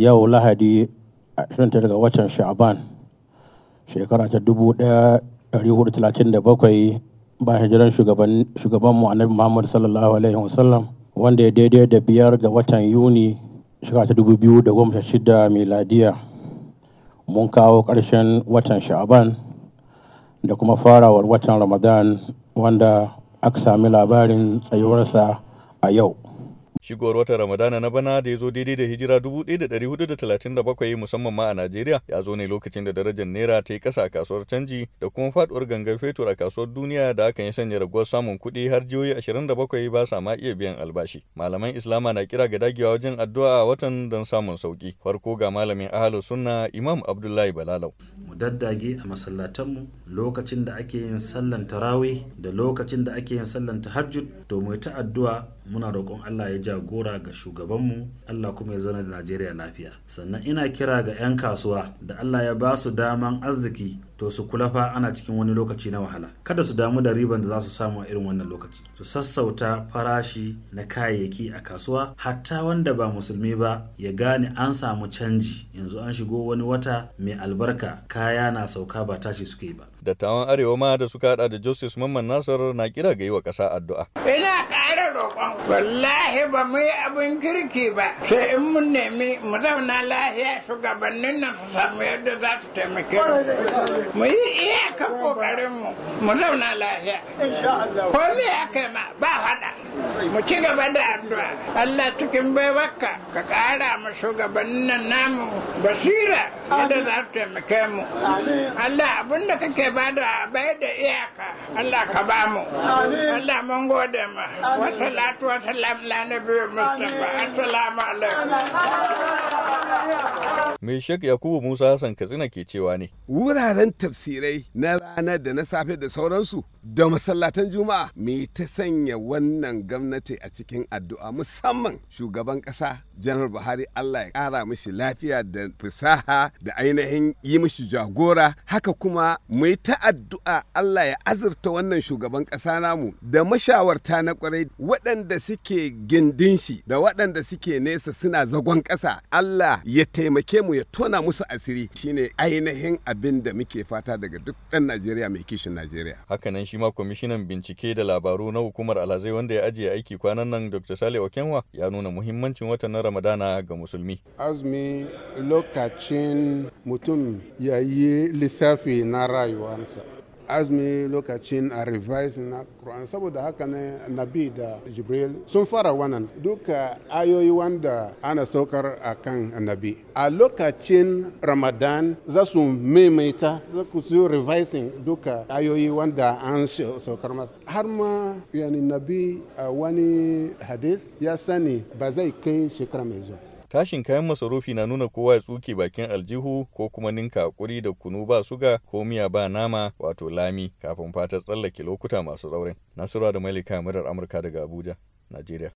yau lahadi 29 ga watan sha'aban shekara ta 1437 ba hijiran mu annabi muhammad sallallahu alaihi wasallam wanda ya daidai da biyar ga watan yuni shekara ta 2016 miladiya mun kawo ƙarshen watan sha'aban da kuma farawar watan ramadan wanda aka sami labarin tsayuwarsa a yau Shigowar watan Ramadana na bana da ya zo daidai da hijira dubu da 1437 musamman ma a Najeriya ya zo ne lokacin da darajar Naira ta yi ƙasa a kasuwar canji da kuma faduwar gangar fetur a kasuwar duniya da hakan ya sanya raguwar samun kuɗi har jihohi 27 ba sa ma iya biyan albashi. Malaman Islama na kira ga dagewa wajen addu'a a watan don samun sauki. Farko ga malamin Ahalu Sunna Imam Abdullahi Balalau. Mu daddage a masallatan mu lokacin da ake yin sallan tarawih da lokacin da ake yin sallan tahajjud domin ta addu'a muna roƙon allah ya jagora ga shugabanmu allah kuma ya zana da najeriya lafiya sannan ina kira ga 'yan kasuwa da allah ya ba su daman arziki to su kula fa ana cikin wani lokaci na wahala kada su damu da riban da za su samu a irin wannan lokaci su sassauta farashi na kayayyaki a kasuwa hatta wanda ba musulmi ba ya gane an samu canji yanzu an shigo wani wata mai albarka kaya na sauka ba tashi suke ba da dattawan arewa ma da suka hada da justice mamman nasar na kira ga yi wa kasa addu'a ina roƙon wallahi ba mu yi abin kirki ba sai in mun nemi mu zauna lahiya shugabannin nan su samu yadda za su taimake mu mu yi iyaka kokarin mu mu zauna lahiya ko me aka ma ba faɗa mu ci gaba da addu'a Allah cikin baiwarka ka ƙara mu shugabannin nan namu basira yadda za su taimake mu Allah abin kake bada Allah ka ba mu Allah mun gode ma wa salatu wa salam la nabiyyu mustafa assalamu alaikum Mai shek Yakubu Musa Hassan Katsina ke cewa ne. Wuraren tafsirai na rana da na safe da sauransu da masallatan Juma'a me ta sanya wannan gwamnati a cikin addu'a musamman shugaban ƙasa Janar Buhari Allah ya kara mishi lafiya da fasaha da ainihin yi mishi jagora haka kuma mai ta addu'a Allah ya azurta wannan shugaban ƙasa namu da mashawarta na kwarai waɗanda suke gindin shi da waɗanda suke nesa suna zagon ƙasa Allah ya taimake mu ya tona musu asiri shine ainihin abin da muke fata daga duk ɗan Najeriya mai kishin Najeriya. Hakanan shi ma kwamishinan bincike da labaru na hukumar alhazai wanda ya ajiye aiki kwanan nan Dr. Sale Okenwa ya nuna muhimmancin watan na Ramadana ga musulmi. Azumi lokacin mutum ya yi lissafi na rayuwarsa. azumi lokacin a revise na Quran saboda haka ne Nabi da Jibril sun fara wannan duka ayoyi wanda ana saukar a kan Nabi. A lokacin Ramadan za su maimaita za ku su revising duka ayoyi wanda an saukar masa. Har ma yani Nabi a wani hadis ya sani ba zai kai shekara mai zuwa. Tashin kayan masarufi na nuna kowa ya tsuke bakin aljihu ko kuma ninka hakuri da kunu ba suga ko miya ba nama wato lami kafin fatar tsallake lokuta masu tsaurin. Nasura da Malika Murar Amurka daga Abuja, Najeriya.